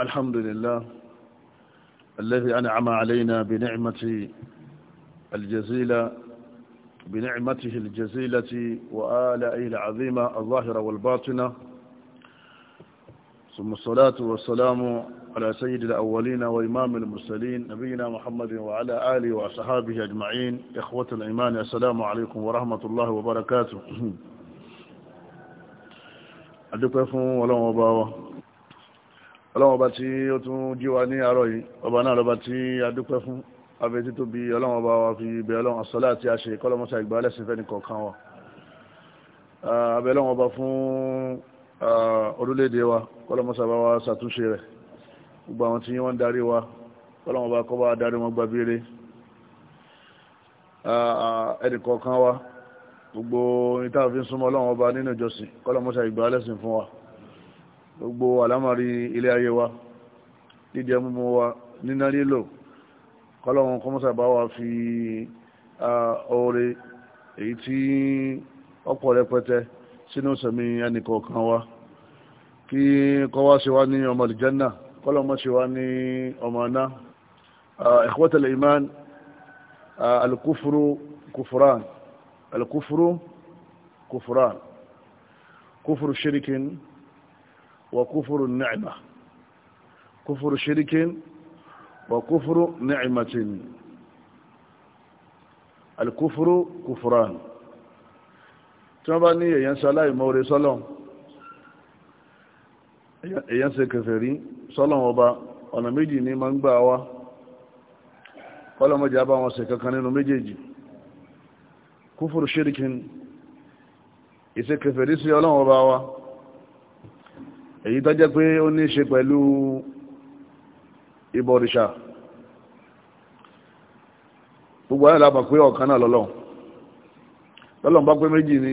الحمد لله الذي أنعم علينا بنعمة الجزيلة بنعمته الجزيلة وآلائه العظيمة الظاهرة والباطنة ثم الصلاة والسلام على سيد الأولين وإمام المرسلين نبينا محمد وعلى آله وصحابه أجمعين إخوة الإيمان السلام عليكم ورحمة الله وبركاته ولا مباوة ọlọ́wọ́n ọba tí ó tún jí wa ní àárọ̀ yìí ọba náà lọ́ba tí a dúpẹ́ fún abẹ́ títò bí ọlọ́wọ́n ọba wa fi ibẹ̀ ọlọ́wọ́n àṣọlá àti àṣẹ kọ́lọ́mọ́sá ìgbà lẹ́sìn fẹ́ni kọ̀ọ̀kan wa abẹ́ ọlọ́wọ́n ọba fún orílẹ̀-èdè wa kọ́lọ́mọ́sá bá wa ṣàtúnṣe rẹ̀ gbogbo àwọn tí wọ́n ń darí wa kọ́lọ́wọ́n ọba kọ́ bá darí wọn gba bíire ẹnì kọ̀ọ̀kan wa gbogbo ìtàfin súnmọ́ ọlọ́wọ́n ọba nínú ìjọsìn kọ́lọ́mọ́sá ìgbà lẹ́sìn fún wa gbogbo alamari ilé ayé wa dídí múmú wa níná lílò kọ́lọ̀wọ̀n kọmọ́sà bá wa fi oore èyí tí ọ̀pọ̀ rẹpẹtẹ sínú sẹ̀mí ẹnìkọ̀ọ̀kan wa kí kọ́wá ṣe wá ní ọmọ ìjẹ́nà kọ́lọ̀mọ́ ṣe wá ní ọmọ ọ̀nà ẹ̀kọ́tẹ̀lẹ̀ imán alkufuru kufuran alkufuru kufuran kufuru shirikin وكفر النعمة كفر شرك وكفر نعمة الكفر كفران تباني ينسى الله موري صلى ينسى كفري صلى وبا ọ̀nà méjì ní ma ń gbà wá kọ́lọ̀mọ́jì àbá wọn sẹ̀kọ́ kan nínú méjèèjì kúfùrù ṣíríkín ìṣẹ́kẹfẹ̀rí sí ọlọ́run ọba wa èyí tó jẹ́ pé ó ní ṣe pẹ̀lú ìbọ̀rìṣà gbogbo ayọ̀ lábàá pé ọ̀kan náà lọ́lọ́run lọ́lọ́run bá pé méjì ni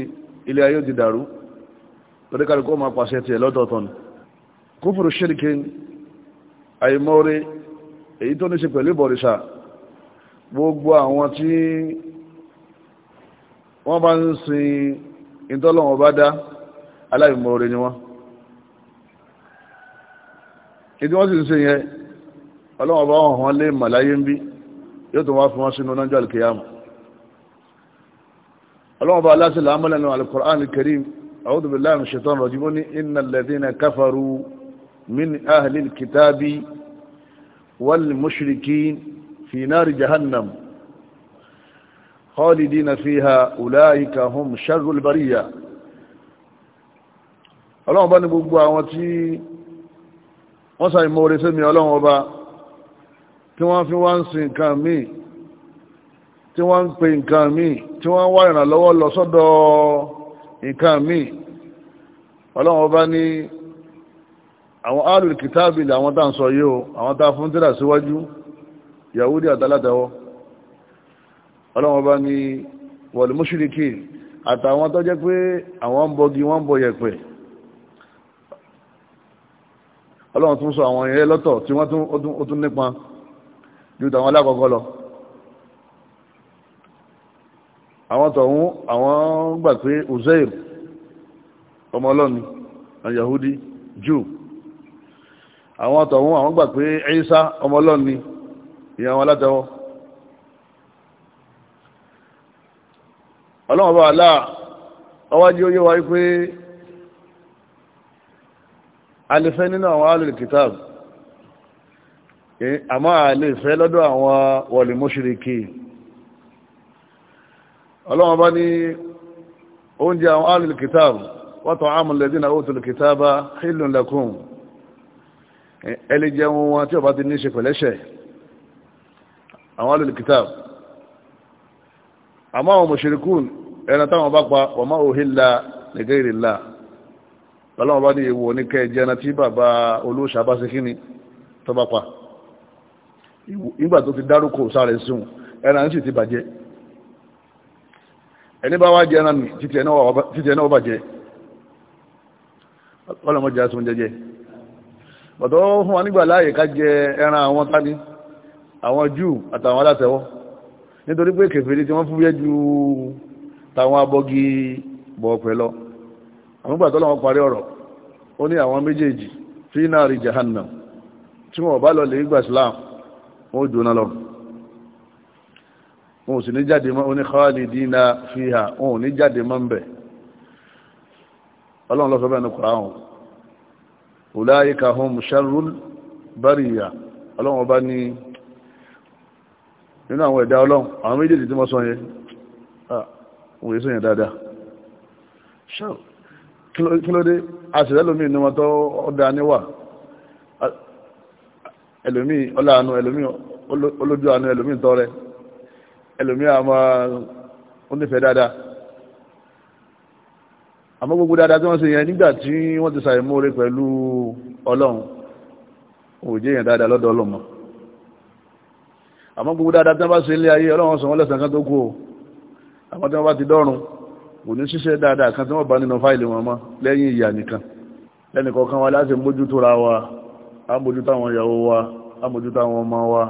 ilé ayé ti dàrú torí kálukú ó máa pàṣẹ tiẹ̀ lọ́tọ̀ọ̀tọ̀ ni kúfùrù ṣíríkì àìmọ́re èyí tó ní ṣe pẹ̀lú ìbọ̀rìṣà gbogbo àwọn tí wọ́n bá ń sin ìtọ́lọ́wọ́n bá dá aláìmọ́re ni wọ́n ìdí wọ́n sì ń ṣe yẹn ọlọ́wọ́n bá wọn hàn lé màláyé ń bí yóò tó wá fún wọn sínú nájọ́ alkiyama ọlọ́wọ́n bá aláṣẹ làmọ́lẹ́nu alukur'an karim a'udhu billahi minash shaitan rajim ní innal ladhina kafaru min ahli alkitabi wal mushrikin fi nari jahannam خالدين فيها أولئك هم شر البرية ọlọ́run bá ní gbogbo àwọn tí wọ́n sàì mọ́ orí sẹ́mi ọlọ́run ọba tí wọ́n fi wá ń sin nǹkan míì tí wọ́n ń pe nǹkan míì tí wọ́n wá ìrànlọ́wọ́ lọ sọ́dọ̀ nǹkan míì ọlọ́run ọba ní àwọn alùl kìtàbì làwọn tá ń sọ yìí o àwọn tá fún tírà síwájú yahudi àtàlátẹwọ́ ọlọ́run ọba ní wọ̀lùmúṣìríkì ọlọ́run tún sọ àwọn ìrẹ́ lọ́tọ̀ tí wọ́n tún tún nípa ju tàwọn alákọ̀ọ́kọ́ lọ àwọn tọ̀hún àwọn gbà pé uzair ọmọ ọlọ́ni yahudi jew àwọn tọ̀hún àwọn gbà pé isa ọmọ ọlọ́ni ìyẹn àwọn alátẹwọ́ ọlọ́run bá wà láà ọwájú ó yé wa pé alifẹ́ nínú àwọn alìkìtàb àmọ́ alifẹ́ lọ́dọ̀ àwọn wọlì mọ́ṣíríkì ọlọ́wọ́n bá ní oúnjẹ àwọn alìkìtàb wa ta'amul ladina utul kitaba hillun lakum ẹlẹ́ jẹun wọn tí ó bá ti ní ṣe pẹ̀lẹ́ṣẹ̀ àwọn alìkìtàb àmọ́ àwọn lọ́lọ́wọ́ bá ní èwò oníkẹ́ jẹna tí bàbá olóòṣà bá ṣe kíni tó bá pa ìgbà tó ti dárúkọ sáré sùn ẹran sì ti bàjẹ́ ẹni bá wá jẹran títí ẹ̀nà bàjẹ́ ọlọ́mọdé aṣun jẹjẹ bọ̀tọ́ fún wa nígbà láàyè ká jẹ ẹran àwọn tání àwọn júù àtàwọn alátẹ̀wọ́ nítorí pé kèfèrè tí wọ́n fúyẹ́ ju tàwọn abọ́gi bọ̀ pẹ̀lọ́ àwọn gbà tọ́lọ́wọ́ parí ọ̀rọ̀ ó ní àwọn méjèèjì fi nari jahannam tí wọ́n bá lọ lè gbà islam wọ́n jóná lọ wọn ò sì ní jáde mọ́ oní khalidina fiha wọn ò ní jáde mọ́ ń bẹ̀ ọlọ́run lọ́fẹ́ bẹ́ẹ̀ ní kùránù ulaika hum sharrul bariya ọlọ́run ọba ní nínú àwọn ẹ̀dá ọlọ́run àwọn méjèèjì tí wọ́n sọ yẹn ah, wọ́n yẹ sọ yẹn dáadáa sharrul kí ló dé àṣìlẹ́ lómi ní wọn tó ọdá níwà ẹlòmí ọláàánú ẹlòmí olójú àánú ẹlòmí tọrẹ ẹlòmí àmà onífẹ́ dáadáa àmọ́ gbogbo dáadáa tí wọ́n ṣe yẹn nígbà tí wọ́n ti ṣàìmóore pẹ̀lú ọlọ́run òjé yẹn dáadáa lọ́dọ̀ ọlọ́mọ àmọ́ gbogbo dáadáa tí wọ́n bá ṣe ilé ayé ọlọ́run sọ wọ́n lẹ́sàn kan tó kú o àmọ́ tí wọ́n bá ti dọ́rùn kò ní ṣiṣẹ́ dáadáa kan tí wọ́n bá nínú fáìlì wọn mọ́ lẹ́yìn ìyà nìkan lẹ́nìkan kan wa láti mójútó ra wa a mójútó àwọn ìyàwó wa a mójútó àwọn ọmọ wa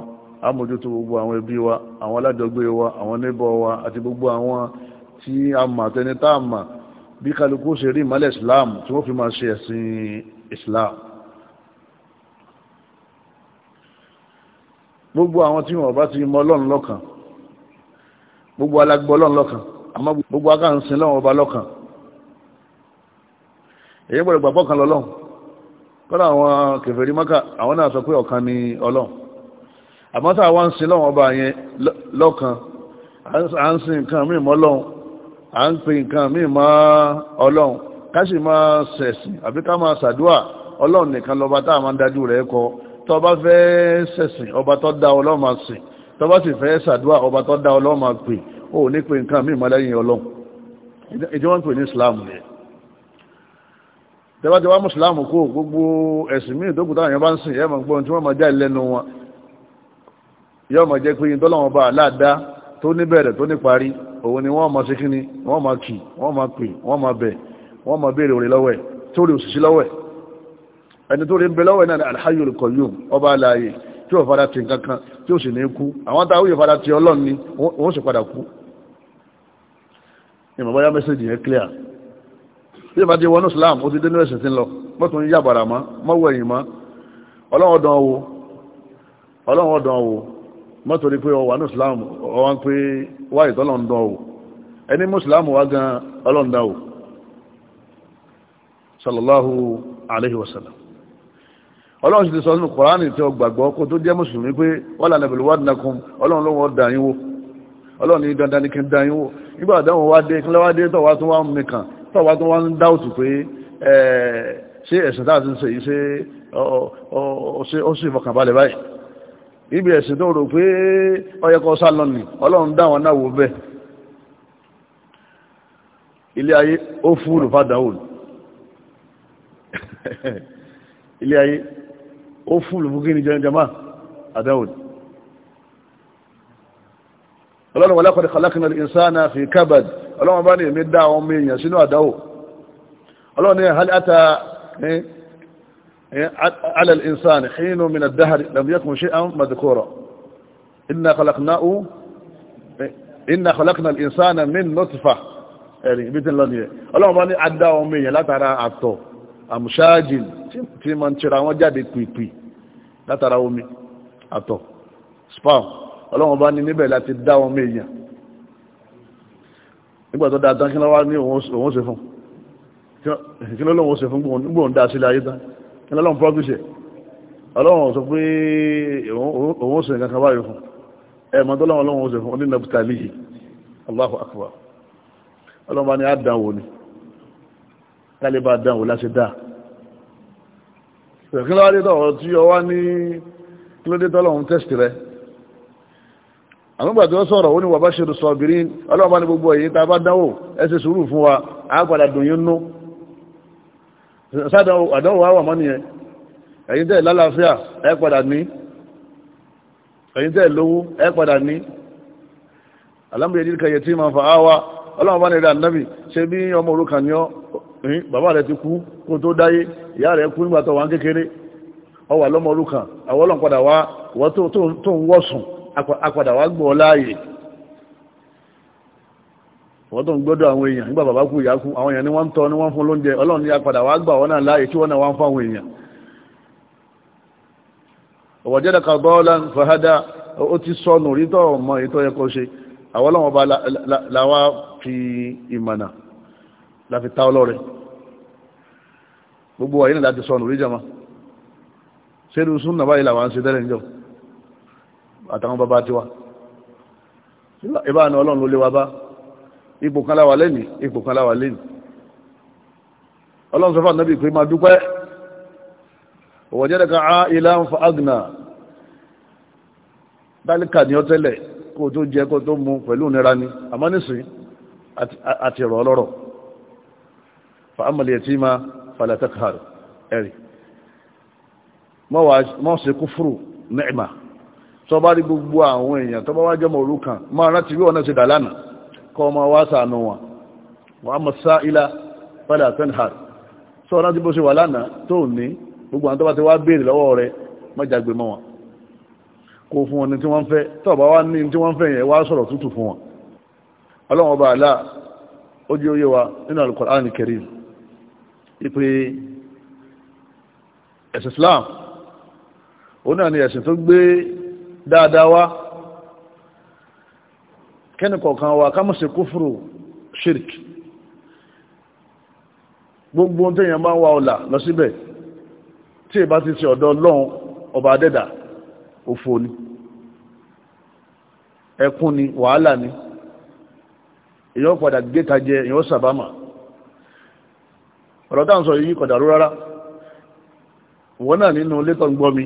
a mójútó gbogbo àwọn ẹbí wa àwọn aládọ́gbé wa àwọn níbọ̀ wa àti gbogbo àwọn tí a mà tẹni tá a mà bí kálukú ṣe rí ìmọ́lẹ̀ Islam tí wọ́n fi máa ṣe ẹ̀sìn Islam gbogbo àwọn tí wọ́n bá ti mọ Ọlọ́run lọ́kàn gbogbo alágbọ́ Ọlọ́run lọ́kàn àmọ́ gbogbo aká ń sin lọ́wọ́ ọba lọ́kàn èyí gbọ́dọ̀ gbàgbọ́ kan lọ́lọ́run kọ́lá àwọn kèfèrí Mákà àwọn náà sọ pé ọ̀kan ni ọlọ́run àmọ́ tá àwọn ń sin lọ́wọ́ ọba yẹn lọ́kàn à ń sin nǹkan míì mọ́ ọlọ́run à ń pe nǹkan míì mọ́ ọlọ́run ká sì máa ṣẹ̀sìn àbí ká máa ṣàdúà ọlọ́run nìkan lọ́ba tá a máa ń dájú rẹ̀ kọ tó bá fẹ́ ṣẹ̀sìn ọba tó dá ọlọ́run máa sìn tó bá sì fẹ́ ṣàdúà ọba tó dá ọlọ́run máa pè o ní pé nǹkan mí ìmọ̀lẹ́yìn ọlọ́run ìdí wọ́n ń pè ní islam ni tẹ́wájú wá mùsùlámù kó gbogbo ẹ̀sìn míì tó kù táwọn èèyàn bá ń sìn yẹ́ mọ̀ gbọ́n tí wọ́n máa já ìlẹ́nu wọn yọ́ mọ̀ jẹ́ pé yín tọ́lọ́wọ́n bá aláàdá tó ní bẹ̀rẹ̀ tó ní parí òun ni wọ́n máa ṣe kíni wọ́n máa kì wọ́n máa pè wọ́n máa bẹ̀ wọ́n máa béèrè òrè lọ́wẹ̀ tó rí òṣìṣẹ́ lọ́wẹ̀ ẹni tó rí ń bẹ lọ́wẹ̀ náà alhayyul qayyum ọba aláàyè tí ò fara ti nǹkan tí ò sì ní kú àwọn táwọn yóò fara ti ọlọ́run wọ́n sì padà kú ìmọ̀ bóyá mẹ́sẹ̀jì yẹn clear bí ìbá ti Islam ó ti dé nílẹ̀ ṣẹ̀tì lọ mọ́tún yà bàrà mọ́ mọ́wọ́ ẹ̀yìn mọ́ ọlọ́wọ́ dán wo ọlọ́wọ́ dán wo mọ́tòrí pé Islam ọwọ́n pé wáyé tọ́lọ́n dán wo ẹni Muslim wá gan ọlọ́n dán wo sallallahu alaihi wasallam sì ti sọ nínú tí ó gbàgbọ́ kó tó jẹ́ mùsùlùmí pé wọ́n lànà ọlọ́run ní dandan ní kí n da yín wò nígbà àdáwọn wá dé ìpínlẹ̀ wá dé tọ́wá tó wá ń mìkan tọ́wá tó wá ń dáùtù pé ṣé ẹ̀sìn táà ti ń ṣe yìí ṣe ó sì fọkànbalẹ̀ báyìí ibi ẹ̀sìn tó rò pé ọyẹ́kọ́ sálọ ni ọlọ́run dáwọn náà wò bẹ́ẹ̀ ilé ayé ó fúrù fàdáwò ilé ayé ó fúrù fún kí ni jẹ́ jama àdáwò ni ọlọ́run wọlé kọ́ni kọlákìnà ìsáná fi kábàd ọlọ́run bá ní èmi dá àwọn ọmọ èèyàn sínú àdáwò ọlọ́run ní hal ata eh, eh, ala ìsáná hínú min ad-dahr lam yakun shay'an madhkura inna khalaqnahu eh, inna khalaqna al-insana ẹ̀rìn ibi tí ń lọ nìyẹn ọlọ́run bá ní níbẹ̀ láti dá wọn méèyàn nígbà tó dáa tán kí lọ́wọ́ ní òun ṣe fún kí lọ́lọ́run ṣe fún gbóhùn dá sílẹ̀ ayé tán kí lọ́lọ́run pọ́bíṣẹ̀ ọlọ́run sọ pé òun ṣe nǹkan báyìí fún ẹ̀mọ́ tó lọ́wọ́ ọlọ́run ṣe fún onínà bùtàlì yìí Allahu akbar ọlọ́run bá ní àdánwò ni àwọn gbàtí wọ́n sọ̀rọ̀ ó ní wàbá ṣe sọ̀bìrí ọlọ́ọ̀bá ní gbogbo èyí ta bá dánwò ẹ sùúrù fún wa àgbàdà dùnyún nú àdánwò àwà mọ́ nìyẹn ẹ̀yin tẹ́ lálàáfíà ẹ padà ní ẹ̀yin tẹ́ lówó ẹ padà ní alámbìyẹ tí ma fa áwá ọlọ́ọ̀bá ní apàdà wá gbọ́ láàyè wọ́n tó ń gbọ́dọ̀ àwọn èèyàn nígbà bàbá kú ìyá àwọn èèyàn ni wọ́n ń tọ́ ní wọ́n fún lóúnjẹ ọlọ́run ni apàdà wá gbà wọ́n náà láàyè tí wọ́n náà wá ń fáwọn èèyàn ọ̀wọ̀jẹ́dàkà bọ́ọ̀lá fàhádà ó ti sọnù rí tọ́ ọmọ ìtọ́ ẹkọ́ ṣe àwọn ọlọ́run ọba láwá fi ìmọ̀nà láfi ta ọlọ́rẹ̀ gbogbo wáyé náà láti sọnù rí jama ṣe lùsùn nàbáyé làwọn ṣe tẹ́lẹ̀ níjọ́ àtàwọn bàbá tiwa ìbá ni ọlọ́run wa bá ipò kan láwà ipò kan láwà lẹ́nìí ọlọ́run sọ fún ànábì pé máa dúpẹ́ wajadaka a'ilan fa agna dálíkà ní ọtẹ́lẹ̀ kó tó kó mu pẹ̀lú ìnira ni àmọ́ nísìn àti rọ̀ ọlọ́rọ̀ fa amal ma fala takhar ẹ̀rì mọ́ sí kúfùrù tó bá rí gbogbo àwọn èèyàn tó bá wá jẹ́mọ̀ òrukàn máa rántí bí ọ̀nà ti dà lánàá kọ́ ọmọ wá sàánú wọn wọ́n mọ̀ sá ilá padà tenhar tó rántí bó ṣe wà lánàá tó ní gbogbo àwọn tó bá ti wá béèrè lọ́wọ́ rẹ mọ́jàgbé mọ́ wọn kó fún wọn ní tí wọ́n fẹ́ tó bá wá ní tí wọ́n fẹ́ yẹn wá sọ̀rọ̀ tútù fún wọn ọlọ́wọ́n bá àlá ó jẹ́ wa nínú Al-Qur'an Karim ipe ẹ̀sìn Islam ó náà ni ẹ̀sìn tó gbé dáadáa wá kẹ́ni kọ̀ọ̀kan wa ká mọ̀ sí kúfùrù shirk gbogbo ohun tẹ́yàn bá ń wa ọ̀là lọ síbẹ̀ tí ìbá ti ṣe ọ̀dọ̀ ọlọ́run ọba adẹ́dà òfò ni ẹkún ni wàhálà ni èyàn padà gẹ́ta jẹ èyàn sàbámà ọ̀rọ̀ táwọn sọ yìí kọ̀dàrú rárá wọ́n náà nínú létọ̀ ń gbọ́ mi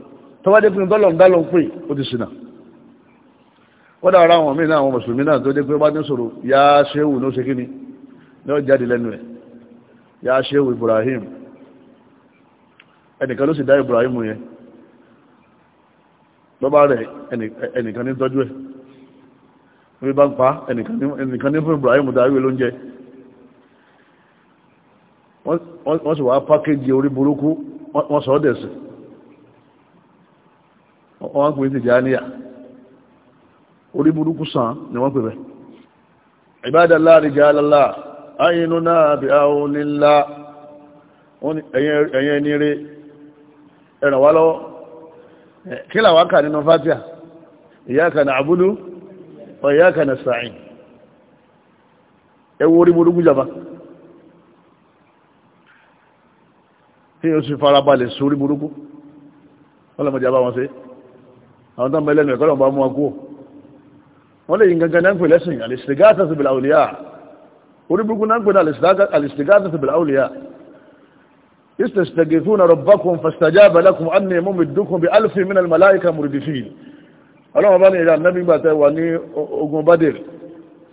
tọ́wádé fún dọ́lọ̀ ń dálọ́ pé ó ti ṣìnà wọ́n dára àwọn míì náà àwọn mùsùlùmí náà tó dé pé bá ní sọ̀rọ̀ ya ṣéwù ní ó ṣe kíni ní ó jáde lẹ́nu ẹ̀ ya ṣéwù Ibrahim ẹnìkan ló sì dá Ibrahim yẹn lọ́bá rẹ̀ ẹnìkan ní tọ́jú ẹ̀ wọ́n bá ń pa ẹnìkan ní fún Ibrahim darí ló ń jẹ wọ́n sì wá pákéjì orí burúkú wọ́n sọ ọ́ dẹ̀ sí wọ́n pè Tìjàníyà orí burúkú sàn ni wọ́n pè bẹ́ ìbádàlá rìjálálá ayinú náà bí àwọn nílá ẹ̀yẹn ní rí ẹ̀rànwá lọ́wọ́ kí làwá kà nínú fatiha ìyáka na àbúlú wa ìyáka na sa'in ẹwọ orí burúkú jaba tí yóò sì farabalẹ̀ sórí burúkú wọ́n lọ́mọdé àbáwọn sí àwọn tán bẹ̀lẹ́nu ẹ̀kọ́ lọ́nà bá mú ọkú wọ́n lè yí gangan náà ń pè lẹ́sìn alìsìgáàtà sí bìláwòlíyà orí burúkú náà ń pè alìsìgáàtà sí bìláwòlíyà istastagifuna rabbakum fastajaba lakum anni mumiddukum bi alfin min almalaika murdifin ọlọ́run bá ní ìrìn ànábì gbà tẹ́ wà ní ogun badir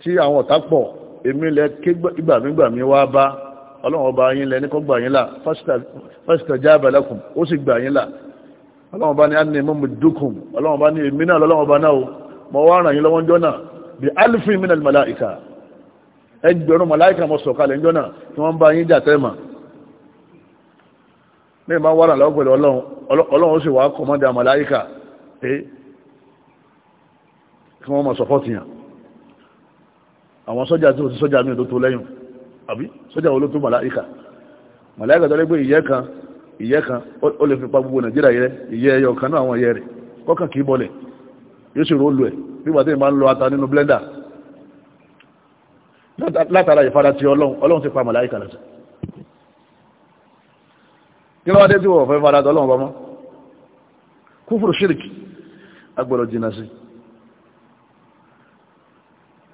tí bá yín lẹ ọlọ́wọ́n bá ní a ní mọ́mù dúkùn ọlọ́wọ́n bá ní èmi náà lọ́wọ́n bá náà mọ́ wá ràn yí lọ́wọ́n jọ́nà bí alifin min al-mala'ika ẹgbẹ̀rún mala'ika mọ́ sọ̀kalẹ̀ tí wọ́n bá yín jà tẹ́mà ní ma wà ràn lọ́wọ́ pẹ̀lú ọlọ́wọ́n ó sì wá kọmọ́dà mala'ika pé kí wọ́n mọ̀ yàn mala'ika ìyẹ́ kan ó lè fi pa gbogbo nàìjíríà yẹ ìyẹ́ ẹyọ kan náà àwọn ìyẹ́ rẹ̀ kọ́kàn kì í bọ̀lẹ̀ yóò sì rólu ẹ̀ nígbà tí ìmọ̀ ń lọ ata nínú blender látara ìfara ti ọlọ́run ọlọ́run ti pa màláìkà lọ sí kí lọ́wọ́ dé tí wọ́n fẹ́ fara tọ́lọ́run bá mọ́ kúfùrù ṣírìkì agbọ́dọ̀ jìnà sí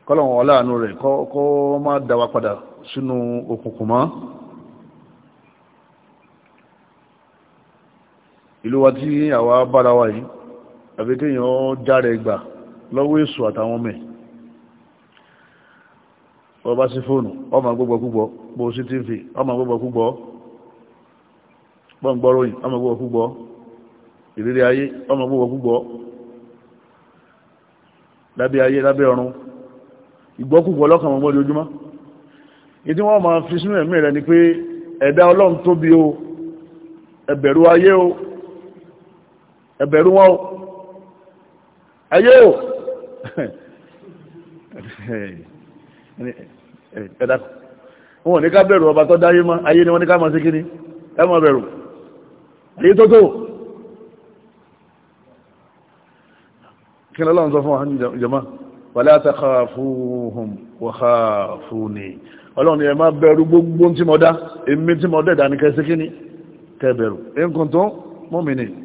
kọ́lọ̀wọ̀n ọláàánú rẹ̀ kọ́ má dáwà padà sínú òkùnkùn mọ́ ìlú wa tí àwa bára wa yìí àfi kéèyàn járe gbà lọ́wọ́ èso àtàwọn mẹ́ wọ́n bá sí fóònù ọmọ gbogbo púpọ̀ bó sí ti ń fi ọmọ gbogbo púpọ̀ bọ́n gbọ́ròyìn ọmọ gbogbo púpọ̀ ìrírí ayé ọmọ gbogbo púpọ̀ lábẹ́ ayé lábẹ́ ọ̀run ìgbọ́kùgbọ́ lọ́kàn wọn gbọ́dọ̀ ojúmọ́ ìdí wọ́n máa fi sínú ẹ̀mí rẹ̀ ni pé ẹ̀dá ọlọ́run tóbi o ẹbẹ̀rù ayé o ẹ̀bẹ̀rù wọn o ẹ̀yẹ́ o ẹ̀dàkù wọn ní ká bẹ̀rù ọba tó dáyé mọ́ ayé ni wọ́n ní ká máa sí kíní ẹ má bẹ̀rù ayé tó tó kí ni ọlọ́run sọ fún wa jọmọ́ wala takhafuhum wa khafuni ọlọ́run ni ẹ má bẹ̀rù gbogbo tí mo dá èmi tí mo dẹ̀dà ní kẹsí kíní kẹbẹ̀rù in kuntum mu'minin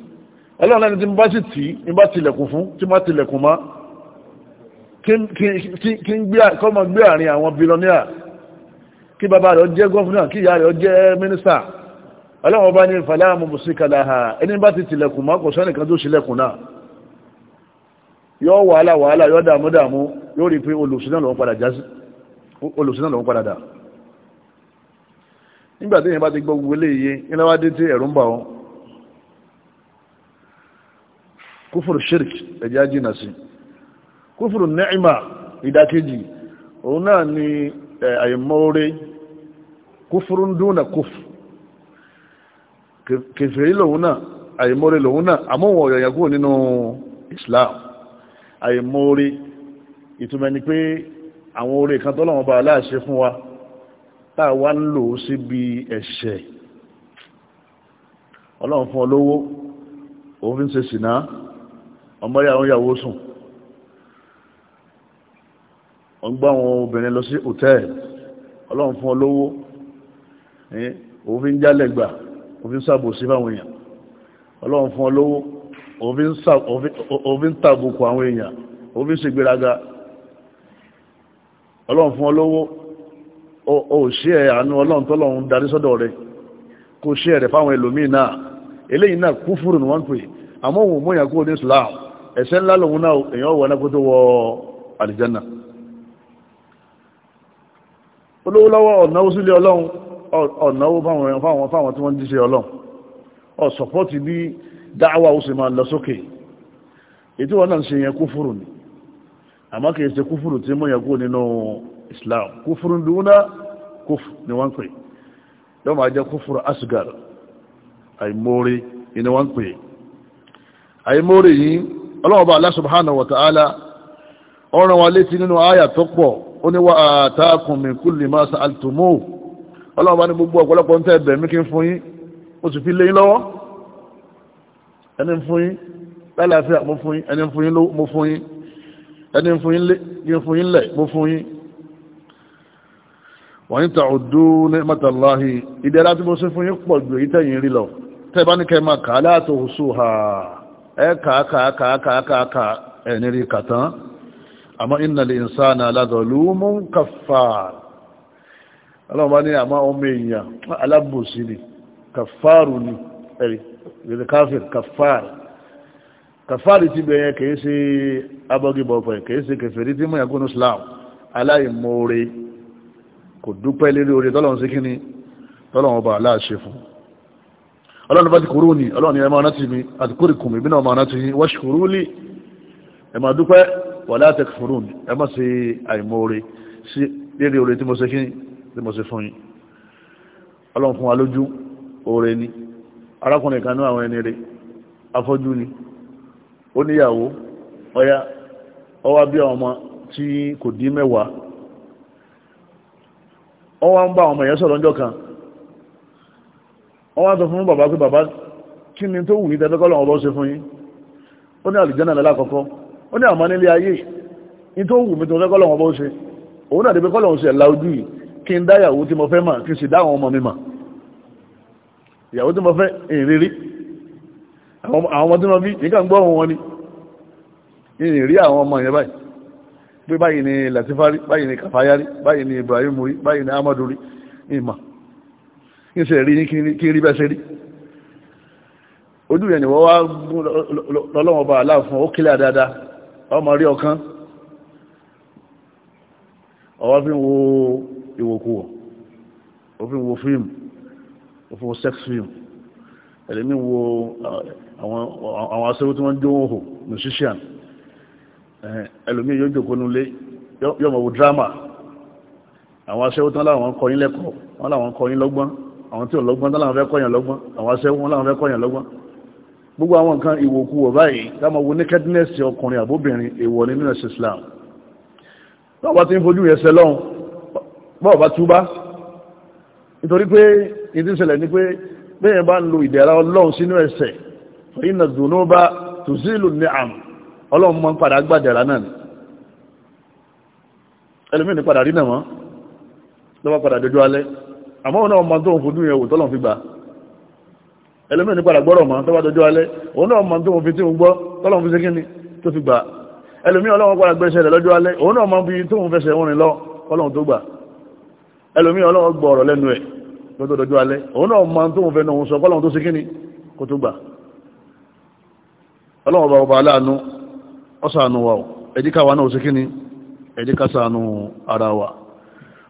ọlọ́run ẹni tí ń bá sì tí ń bá tilẹ̀kùn fún tí má tilẹ̀kùn má kí ń gbé àárín àwọn billionaire kí bàbá rẹ̀ jẹ́ gọ́fúnà kí ìyá rẹ̀ jẹ́ mínísà ọlọ́run ọba ní ìfàlẹ́ àmọ́ bùsí kalaha ẹni bá ti tilẹ̀kùn má kò sẹ́nìkan tó ṣílẹ̀kùn náà yóò wàhálà wàhálà yóò dààmú yóò rí pé olùsínà lòun padà jásí olùsínà bá ti gbọ́ gbogbo eléyìí tí ẹ̀rù bà wọn kufur shirk ẹjá na sí kúfùrù ni'ima ìdákejì òun ni àyẹ̀mọ́ọ́rẹ́ ọrịa ń dúnà kúfù kèfèrí lòun náà àyẹ̀mọ́ọ́rẹ́ lòun náà àmọ́wọ̀n Islam àyẹ̀mọ́ọ́rẹ́ ìtumọ̀ ni pe àwọn oore kan tọ́lọ́wọ́n bá aláàṣẹ fún wa táà wá ń lò ó síbi ẹ̀ṣẹ̀ ọlọ́run fún òun fi ń ọmọ yà wọn yàwó sùn wọ́n gbá àwọn obìnrin lọ sí hòtẹ́ẹ̀lì ọlọ́run fún ọlọ́wọ́ òfin jálẹ̀gbà òfin sàbòsí fáwọn èèyàn ọlọ́run fún ọlọ́wọ́ òfin tàbùkù àwọn èèyàn òfin ṣègbéraga ọlọ́run fún ọlọ́wọ́ o ṣí ẹ̀ àánú ọlọ́run tọ́lọ́run darí sọ́dọ̀ rẹ̀ kò ṣí ẹ̀rẹ̀ fáwọn ẹlòmíì náà eléyìí náà kúfùrù ni wọ́n pè àmọ́ òun mọ́yàn kúrò ní Islam ẹ̀ṣẹ̀ ńlá lòun náà èèyàn wọ̀ náà kó tó wọ àlìjánà olówó lọ́wọ́ ọ̀náwó sílé ọlọ́run ọ̀náwó fáwọn fáwọn tí wọ́n díṣẹ́ ọlọ́run ó sọ̀pọ́tì bí dáwà ó sì máa lọ sókè ètí wọ́n náà ṣe yẹn kúfùrù ni àmá kìí ṣe kúfùrù tí mọ́ yẹn kú nínú Islam kúfùrù dúnà kúfù ni wọ́n pè yọ́ máa jẹ́ kúfùrù asgar àìmórí ni wọ́n pè àìmórí yìí ọlọ́ọ̀bá Allah subhanahu wa ta'ala ọ̀ràn wa létí nínú àyà tó pọ̀ ó ní wa ataakum min kulli ma sa'altumuhu ọlọ́ọ̀bá ní gbogbo ọ̀pọ̀lọpọ̀ ń tẹ́ ẹ̀bẹ̀ mí kí ń fún yín ó sì fi lé yín lọ́wọ́ ẹni fún yín lálàáfíà mo fún yín ẹni fún yín ló mo fún yín tí mo ṣe fún yín pọ̀ ju èyí tẹ̀yìn rí lọ tẹ́ ní kẹ́ máa kà á láàtò òṣù ẹ́kàákàákàákàákà ẹ̀nìrí kàtán àmọ́ innal a ma kaffar ọlọ́wọ́ ní àmọ́ ọmọ èèyàn alábòsí ni kàfàrù ni ẹ̀rí ìrìn káfíìn kàfàrù ti bẹ̀yẹ kìí ṣe abọ́gibọ̀fẹ̀ kìí ṣe kẹfẹ̀rí tí mú ẹ̀gún Islam aláìmoore kò dúpẹ́ lérí orí tọ́lọ́run ọlọ́run bá ti kúrú ni ọlọ́run ẹ máa rántí mi àti kúrì kùnmí bí náà máa rántí yí wọ́n ṣùkúrú lì ẹ máa dúpẹ́ wà láti fúrú ní ẹ máa ṣe àìmóore sí lérí oore tí mo ṣe kín tí mo ṣe fún yín ọlọ́run fún wa lójú oore ni arákùnrin kan ní àwọn ẹni rẹ̀ afọ́jú ni ó níyàwó ọya ọwá bí àwọn ọmọ tí kò dín mẹ́wàá ọwá ń bá àwọn ọmọ yẹn sọ̀rọ̀ ọjọ́ kan wọ́n wá sọ fún bàbá pé bàbá kí ni tó wù ní tẹ́fẹ́ kọ́lọ̀ ọbọ̀ ṣe fún yín ó ní àlùjànnà lọ́la kọ̀kọ́ ó ní àmọ́ nílé ayé ní tó wù mí tó fẹ́ kọ́lọ̀ ọbọ̀ ṣe òun náà dé pé kọ́lọ̀ ṣe ẹ̀la ojú yìí kí n dáyàwó tí mo fẹ́ mà kí n sì dá àwọn ọmọ mi mà ìyàwó tí mo fẹ́ ìrírí àwọn ọmọ tí mo bí nígbà ń gbọ́ ohun wọn ni ìrírí àwọn ọmọ yẹn báyìí pé báyìí ni Latifari báyìí ni Kafayari báyìí ni Ibrahim rí báyìí ni Amadu rí ìmọ̀ kí n ṣe rí ní kí n rí bẹ́ẹ̀ rí ojú yẹn ni wọ́n wá gún lọ́lọ́wọ́ bá aláàfún ó kílẹ̀ dáadáa ọmọ rí ọkàn ọwọ́ fi ń wo ìwòkuwọ̀ ó fi ń wo fíìmù ó fi ń wo sex film ẹ̀lẹ́mí wo eh, àwọn aṣẹ́wó tí wọ́n jó wọ́n hò musician eh, ẹlòmí yóò jòkó nulé yọ́mọ̀ wo drama àwọn aṣẹ́wó tí wọ́n láwọn kọyín lẹ́kọ̀ọ́ wọ́n láwọn kọyín lọ́gbọ́n àwọn tí ò lọ́gbọ́n tán láwọn fẹ́ kọ́yàn lọ́gbọ́n àwọn aṣẹ́wọ́n láwọn fẹ́ kọ́yàn lọ́gbọ́n gbogbo àwọn nǹkan ìwòkú wọ̀ báyìí káàmà wo nakedness ọkùnrin àbóbìnrin èèwọ̀ ní nínú Islam bọ́ọ̀bá ti ń fojú yẹn sẹlọ́n bọ́ọ̀bá túbá nítorí pé ìdí ìṣẹ̀lẹ̀ ni pé bẹ́ẹ̀ bá ń lo ìdẹ̀ra ọlọ́run sínú ẹsẹ̀ ìnà dùnú bá tùsílù ní àmì ọlọ́run mọ́ ń padà gbàdẹ̀ra náà ẹlòmíì ní padà rí náà mọ́ lọ́wọ́ padà dojú alẹ́ àmọ́ ọ̀nà ọmọ tó ń fojú yẹn wò tọ́lọ̀ fi gbà ẹlẹ́mẹ́ ní padà gbọ́rọ̀ mọ́ tọ́wọ́ dọjọ́ alẹ́ òun náà tó ń fi tí ń gbọ́ tọ́lọ̀ fi ṣe ni tó fi gbà ẹlẹ́mí ọlọ́wọ́ padà gbẹ́ṣẹ́ rẹ̀ lọ́jọ́ alẹ́ òun náà mọ́ bí tó ń fẹsẹ̀ wọn rìn lọ ọlọ́run tó gbà ẹlẹ́mí ọlọ́wọ́ gbọ́ ọ̀rọ̀ lẹ́nu ẹ̀ lọ́jọ́ dọjọ́ fẹ́ ni kó tó gbà ọlọ́run ọba ọba aláàánú wa ẹ̀díkà wa ni ẹ̀díkà sánú ara wa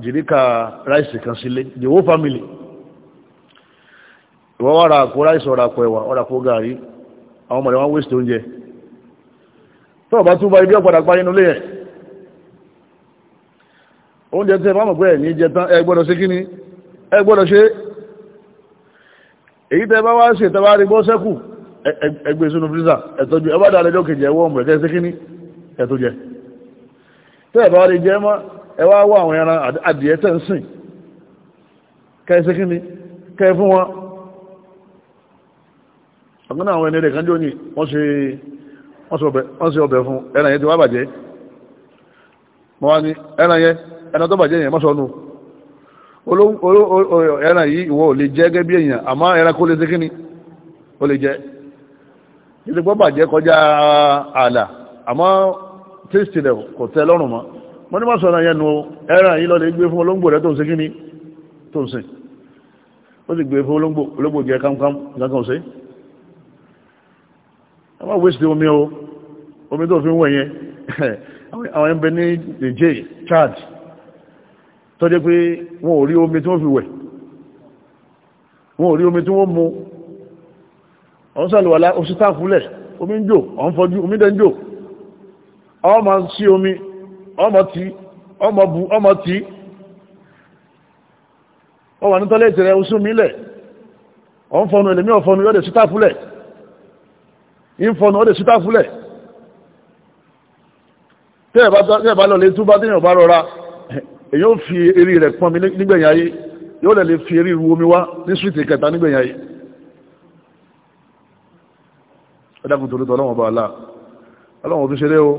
jìríkà ráìsì kan sílé the whole family ìwọ́n wá ra àpò ráìsì ọ̀rà àpò ẹ̀wà ọ̀rà àpò gàrí àwọn ọmọdé wọn wéṣẹ̀ oúnjẹ tó ọ̀bá túbọ̀ ibi ọ̀padà parí inú lé oúnjẹ tẹ́ bá mọ̀ pé ẹ̀yìn jẹ tán ẹ gbọ́dọ̀ ṣe kí ni ẹ gbọ́dọ̀ ṣe èyí tẹ́ bá wá ṣe tẹ́ bá rí bọ́ sẹ́kù ẹgbẹ́ e sínú freezer ẹ̀tọ́jú ẹ bá dáa lẹ́jọ́ kejì ẹwọ́ ọmọ ẹ̀tẹ́ ṣe kí ni ẹ̀tọ́ jẹ tẹ́ bá rí jẹ mọ́ ẹ wá wá àwọn ẹran adìẹ tẹ́ ń sìn kẹ́ẹ̀sẹ́ kí ni kẹ́ẹ̀ fún wọn ọ̀gbọ́n àwọn ẹni rẹ̀ kan jóni wọ́n ṣe ọbẹ̀ fún ẹran yẹn tí wá bàjẹ́ mọ́ wá ní ẹran yẹn ẹran tó bàjẹ́ yẹn mọ́sọ̀nù ẹran yìí ìwọ ò lè jẹ́ gẹ́bí èèyàn àmọ́ ẹran kó lè ṣe kí ni ó lè jẹ́ ìdígbọ́ bàjẹ́ kọjá ààlà àmọ́ tíìsì rẹ̀ kò tẹ́ lọ́rùn mọ́ wọ́n ní má sọ̀rọ̀ yẹnu ẹran yìí lọ́lẹ̀ gbé fún olóńgbò rẹ̀ tó ń ṣe kíní tó ń ṣe ó sì gbé fún olóńgbò olóńgbò jẹ́ kámkám ìgbàkan ṣe ẹ má wéṣì omi o omi tó fi ń wẹ̀ yẹn àwọn ẹgbẹ́ ní Niger Chad tó jẹ́ pé wọn ò rí omi tí wọ́n fi wẹ̀ wọn ò rí omi tí wọ́n mu ọ̀n sàlùwàlá oṣù táàkúlẹ̀ omi ń jò ọ̀n fọjú omi dẹ́ ń jò ọ ọmọ tí ọmọ bu ọmọ tí ọ wà ní tọ́lẹ̀tì rẹ̀ oṣù mílẹ̀ ọ ń fọnu ẹlẹ́mí ọ̀fọnu yọ́dẹ̀ síta fúlẹ̀ ń fọnu ọdẹ̀ síta fúlẹ̀ tẹ́ẹ̀bá lọ lè túbá téèyàn bá rọra èyàn fi eré rẹ̀ pọ́n mi nígbẹ̀yìn ayé yóò lẹ̀ lè fi eré ru omi wá ní súwìtì kẹta nígbẹ̀yìn ayé ọdá kùtù lótọ́ ọlọ́wọ̀n bá aláà ọlọ́wọ̀n fi ṣeré o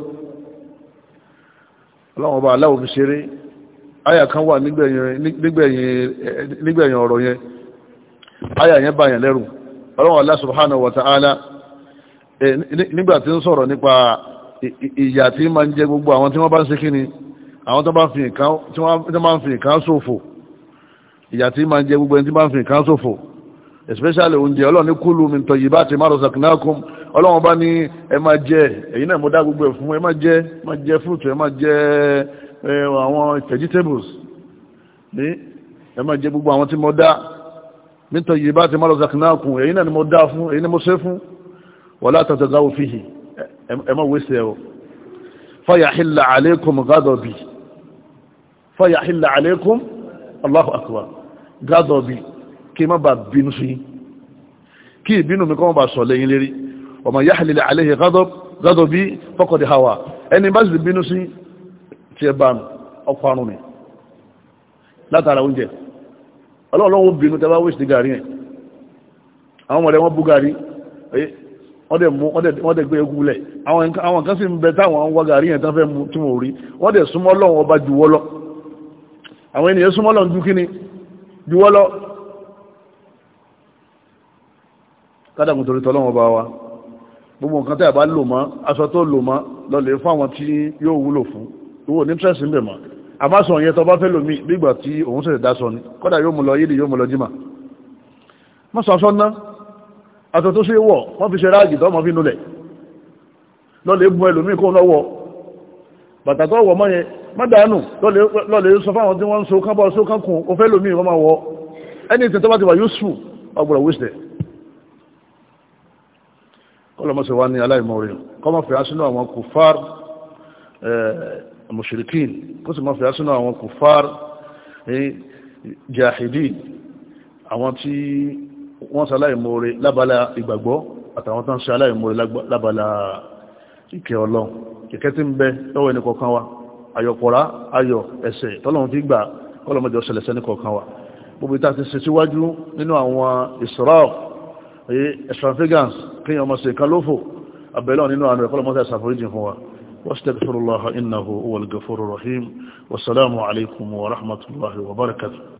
ọlọ́run ọba aláwọ̀ fi ṣeré àyà kan wà nígbẹ̀yìn ọ̀rọ̀ yẹn àyà yẹn bá yẹn lẹ́rù ọlọ́run Allah subhanahu wa ta'ala nígbà tí ń sọ̀rọ̀ nípa ìyà tí máa ń jẹ gbogbo àwọn tí wọ́n bá ń ṣe kíni àwọn tó bá ń fi nǹkan ṣòfò ìyà tí máa ń ń fi nǹkan ṣòfò especially oúnjẹ ọlọ́run ní kulu min tayyibati ma razaqnakum ọlọ́run bá ní ẹ máa jẹ èyí náà mo dá gbogbo ẹ̀ fún ẹ máa jẹ máa jẹ fruit ẹ máa jẹ àwọn vegetables ní ẹ máa jẹ gbogbo àwọn tí mo dá nítorí yìí bá ti máa lọ zakinakun èyí náà ni mo dá fún èyí ni mo ṣe fún wà látàtà záwò fihì ẹ máa wéṣẹ ẹ o fayahilla alaykum ghadabi fayahilla alaykum allahu akbar ghadabi kí má bàa bínú sí kí ìbínú mi kọ́ má bàa sọ lẹ́yìn lérí ọmọ yahlil alayhi ghadabi faqad hawa ẹni bá sì bínú sí tí ẹ bá nù ọkọ̀ àrùn mi látara oúnjẹ ọlọ́ọ̀lọ́wọ́ bínú tẹ́bá wíṣì gàrí ẹ̀ àwọn ọmọdé wọ́n bú gàrí wọ́n dẹ̀ gbé egú lẹ̀ àwọn kan sì ń bẹ táwọn wọ́n gàrí ẹ̀ tán fẹ́ mú tí mo rí wọ́n dẹ̀ súnmọ́ Ọlọ́run ọba juwọ́lọ́ wa gbogbo nǹkan tẹ́ bá lò mọ́ aṣọ tó lò mọ́ lọlẹ̀ fún àwọn tí yóò wúlò fún owó ní tẹ́sí ń bẹ̀ mọ́ àmásọ yẹn tó bá fẹ́ lòmí nígbà tí òun ṣẹ̀ṣẹ̀ dá sọ ni kọ́dà yóò mú lọ yídì yóò mú lọ jímà má sọ aṣọ ná aṣọ tó ṣe wọ̀ wọ́n fi ṣe ráàgì tó mọ́ fi nulẹ̀ lọlẹ̀ bu ẹlòmí kó lọ́wọ́ bàtà tó wọ̀ mọ́ yẹn má dànù lọlẹ̀ sọ fáwọn tí wọ́n ń so kán bọ́ so kán kún ó fẹ́ lòmí wọ́n máa wọ ẹni tí tó bá ti wà kọlọmọsí wa ní aláìmọ̀rẹ́ kọmọ fẹ́ asínú àwọn kùfàr mushrikin kó sì mọ́ fẹ́ asínú àwọn kùfàr jahidin àwọn tí wọ́n sá aláìmọ̀rẹ́ lábala ìgbàgbọ́ àtàwọn tán sá aláìmọ̀rẹ́ lábala ìkẹ́ ọlọ́ kẹ̀kẹ́ tí ń bẹ lọ́wọ́ ẹni kọ̀ọ̀kan wa ayọ̀pọ̀rá ayọ̀ ẹ̀sẹ̀ tọ́lọ́run ti gbà kọlọmọjọ́ sẹlẹ̀sẹ̀ ní kọ̀ọ̀kan wa gbogbo ìta ti ṣe síwájú nínú àwọn israf extravagance kí ọmọ sí kalófò abẹ́lọ́ nínú àmì ẹ̀kọ́lọ́mọ́ta ìsàforíjì fún wa واستغفر الله إنه هو الغفور الرحيم والسلام عليكم ورحمة الله وبركاته